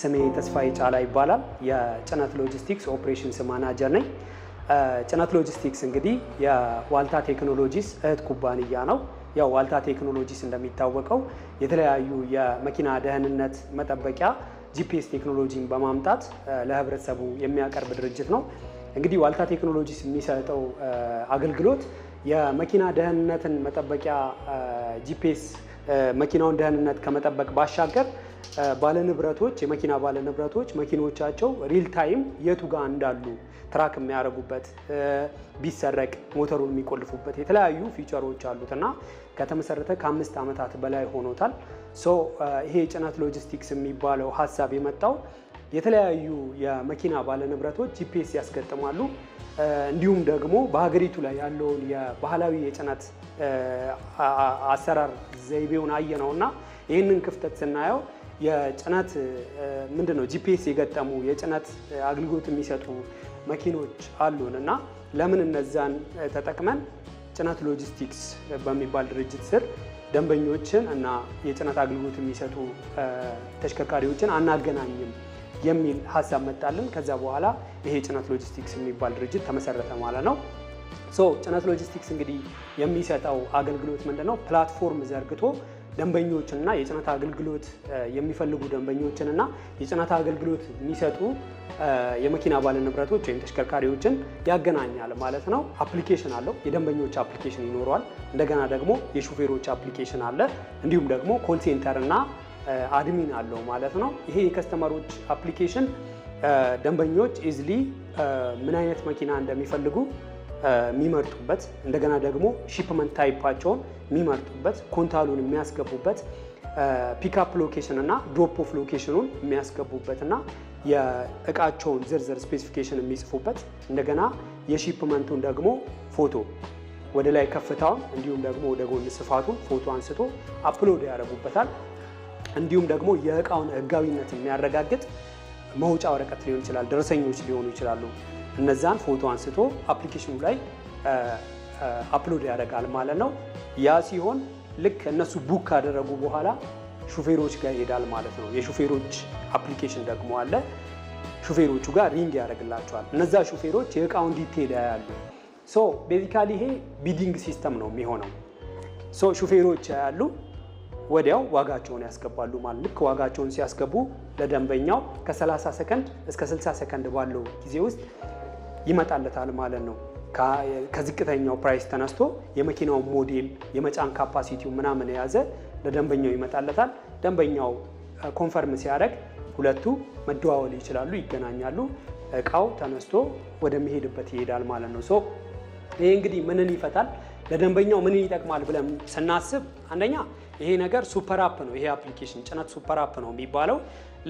ስሜ ተስፋዬ ጫላ ይባላል። የጭነት ሎጂስቲክስ ኦፕሬሽንስ ማናጀር ነኝ። ጭነት ሎጂስቲክስ እንግዲህ የዋልታ ቴክኖሎጂስ እህት ኩባንያ ነው። ያው ዋልታ ቴክኖሎጂስ እንደሚታወቀው የተለያዩ የመኪና ደህንነት መጠበቂያ ጂፒኤስ ቴክኖሎጂን በማምጣት ለህብረተሰቡ የሚያቀርብ ድርጅት ነው። እንግዲህ ዋልታ ቴክኖሎጂስ የሚሰጠው አገልግሎት የመኪና ደህንነትን መጠበቂያ ጂፒኤስ መኪናውን ደህንነት ከመጠበቅ ባሻገር ባለንብረቶች የመኪና ባለንብረቶች መኪኖቻቸው ሪል ታይም የቱ ጋር እንዳሉ ትራክ የሚያደርጉበት ቢሰረቅ ሞተሩን የሚቆልፉበት የተለያዩ ፊቸሮች አሉት እና ከተመሰረተ ከአምስት ዓመታት በላይ ሆኖታል። ሶ ይሄ የጭነት ሎጂስቲክስ የሚባለው ሀሳብ የመጣው የተለያዩ የመኪና ባለንብረቶች ጂፒኤስ ያስገጥማሉ። እንዲሁም ደግሞ በሀገሪቱ ላይ ያለውን የባህላዊ የጭነት አሰራር ዘይቤውን እና ይህንን ክፍተት ስናየው የጭነት ምንድን ነው ጂፒኤስ የገጠሙ የጭነት አገልግሎት የሚሰጡ መኪኖች አሉን እና ለምን እነዛን ተጠቅመን ጭነት ሎጂስቲክስ በሚባል ድርጅት ስር ደንበኞችን እና የጭነት አገልግሎት የሚሰጡ ተሽከርካሪዎችን አናገናኝም የሚል ሀሳብ መጣልን። ከዛ በኋላ ይሄ ጭነት ሎጂስቲክስ የሚባል ድርጅት ተመሰረተ ማለት ነው። ሶ ጭነት ሎጂስቲክስ እንግዲህ የሚሰጠው አገልግሎት ምንድን ነው? ፕላትፎርም ዘርግቶ ደንበኞችንና የጽነት አገልግሎት የሚፈልጉ ደንበኞችንና የጽነት አገልግሎት የሚሰጡ የመኪና ባለ ንብረቶች ወይም ተሽከርካሪዎችን ያገናኛል ማለት ነው። አፕሊኬሽን አለው። የደንበኞች አፕሊኬሽን ይኖረዋል። እንደገና ደግሞ የሹፌሮች አፕሊኬሽን አለ። እንዲሁም ደግሞ ኮል ሴንተር እና አድሚን አለው ማለት ነው። ይሄ የከስተመሮች አፕሊኬሽን ደንበኞች ኢዝሊ ምን አይነት መኪና እንደሚፈልጉ የሚመርጡበት እንደገና ደግሞ ሺፕመንት ታይፓቸውን የሚመርጡበት ኮንታሉን የሚያስገቡበት ፒክአፕ ሎኬሽን እና ድሮፕ ኦፍ ሎኬሽኑን የሚያስገቡበት እና የእቃቸውን ዝርዝር ስፔሲፊኬሽን የሚጽፉበት እንደገና የሺፕመንቱን ደግሞ ፎቶ ወደ ላይ ከፍታውን እንዲሁም ደግሞ ወደ ጎን ስፋቱን ፎቶ አንስቶ አፕሎድ ያደረጉበታል። እንዲሁም ደግሞ የእቃውን ህጋዊነት የሚያረጋግጥ መውጫ ወረቀት ሊሆን ይችላል፣ ደረሰኞች ሊሆኑ ይችላሉ። እነዛን ፎቶ አንስቶ አፕሊኬሽኑ ላይ አፕሎድ ያደርጋል ማለት ነው። ያ ሲሆን ልክ እነሱ ቡክ ካደረጉ በኋላ ሹፌሮች ጋር ይሄዳል ማለት ነው። የሹፌሮች አፕሊኬሽን ደግሞ አለ። ሹፌሮቹ ጋር ሪንግ ያደርግላቸዋል። እነዛ ሹፌሮች የእቃውን ዲቴል ያያሉ። ሶ ቤዚካሊ ይሄ ቢዲንግ ሲስተም ነው የሚሆነው። ሶ ሹፌሮች ያያሉ፣ ወዲያው ዋጋቸውን ያስገባሉ ማለት ልክ ዋጋቸውን ሲያስገቡ ለደንበኛው ከ30 ሰከንድ እስከ 60 ሰከንድ ባለው ጊዜ ውስጥ ይመጣለታል ማለት ነው። ከዝቅተኛው ፕራይስ ተነስቶ የመኪናው ሞዴል የመጫን ካፓሲቲው ምናምን የያዘ ለደንበኛው ይመጣለታል። ደንበኛው ኮንፈርም ሲያደርግ ሁለቱ መደዋወል ይችላሉ፣ ይገናኛሉ። እቃው ተነስቶ ወደሚሄድበት ይሄዳል ማለት ነው። ሶ ይሄ እንግዲህ ምንን ይፈታል? ለደንበኛው ምንን ይጠቅማል ብለን ስናስብ አንደኛ ይሄ ነገር ሱፐር አፕ ነው። ይሄ አፕሊኬሽን ጭነት ሱፐር አፕ ነው የሚባለው።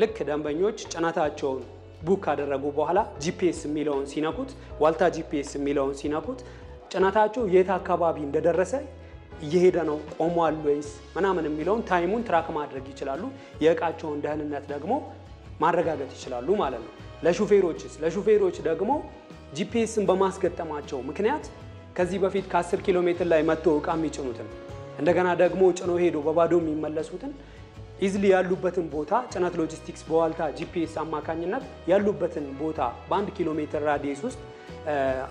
ልክ ደንበኞች ጭነታቸውን ቡክ ካደረጉ በኋላ ጂፒኤስ የሚለውን ሲነኩት ዋልታ ጂፒኤስ የሚለውን ሲነኩት ጭነታቸው የት አካባቢ እንደደረሰ እየሄደ ነው ቆሟል ወይስ ምናምን የሚለውን ታይሙን ትራክ ማድረግ ይችላሉ። የእቃቸውን ደህንነት ደግሞ ማረጋገጥ ይችላሉ ማለት ነው። ለሹፌሮችስ ለሹፌሮች ደግሞ ጂፒኤስን በማስገጠማቸው ምክንያት ከዚህ በፊት ከ10 ኪሎ ሜትር ላይ መጥቶ እቃ የሚጭኑትን እንደገና ደግሞ ጭኖ ሄዶ በባዶ የሚመለሱትን ኢዝሊ ያሉበትን ቦታ ጭነት ሎጂስቲክስ በዋልታ ጂፒኤስ አማካኝነት ያሉበትን ቦታ በአንድ ኪሎ ሜትር ራዲየስ ውስጥ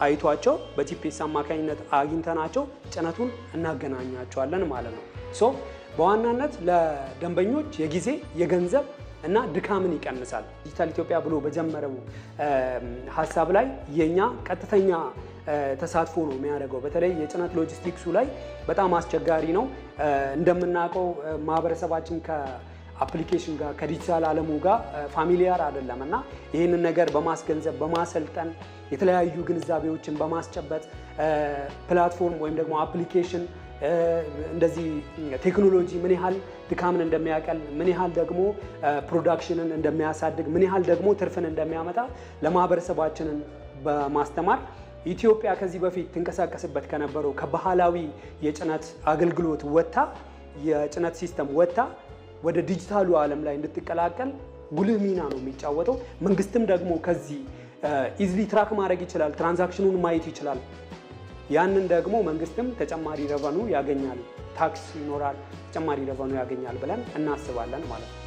አይቷቸው በጂፒኤስ አማካኝነት አግኝተናቸው ጭነቱን እናገናኛቸዋለን ማለት ነው። ሶ በዋናነት ለደንበኞች የጊዜ የገንዘብ እና ድካምን ይቀንሳል። ዲጂታል ኢትዮጵያ ብሎ በጀመረው ሀሳብ ላይ የኛ ቀጥተኛ ተሳትፎ ነው የሚያደርገው። በተለይ የጭነት ሎጂስቲክሱ ላይ በጣም አስቸጋሪ ነው። እንደምናውቀው ማህበረሰባችን ከአፕሊኬሽን ጋር ከዲጂታል ዓለሙ ጋር ፋሚሊያር አይደለም እና ይህንን ነገር በማስገንዘብ በማሰልጠን የተለያዩ ግንዛቤዎችን በማስጨበጥ ፕላትፎርም ወይም ደግሞ አፕሊኬሽን እንደዚህ ቴክኖሎጂ ምን ያህል ድካምን እንደሚያቀል ምን ያህል ደግሞ ፕሮዳክሽንን እንደሚያሳድግ ምን ያህል ደግሞ ትርፍን እንደሚያመጣ ለማህበረሰባችንን በማስተማር ኢትዮጵያ ከዚህ በፊት ትንቀሳቀስበት ከነበረው ከባህላዊ የጭነት አገልግሎት ወጥታ የጭነት ሲስተም ወጥታ ወደ ዲጂታሉ ዓለም ላይ እንድትቀላቀል ጉልህ ሚና ነው የሚጫወተው። መንግስትም ደግሞ ከዚህ ኢዝሊ ትራክ ማድረግ ይችላል፣ ትራንዛክሽኑን ማየት ይችላል። ያንን ደግሞ መንግስትም ተጨማሪ ረቨኑ ያገኛል፣ ታክስ ይኖራል፣ ተጨማሪ ረቨኑ ያገኛል ብለን እናስባለን ማለት ነው።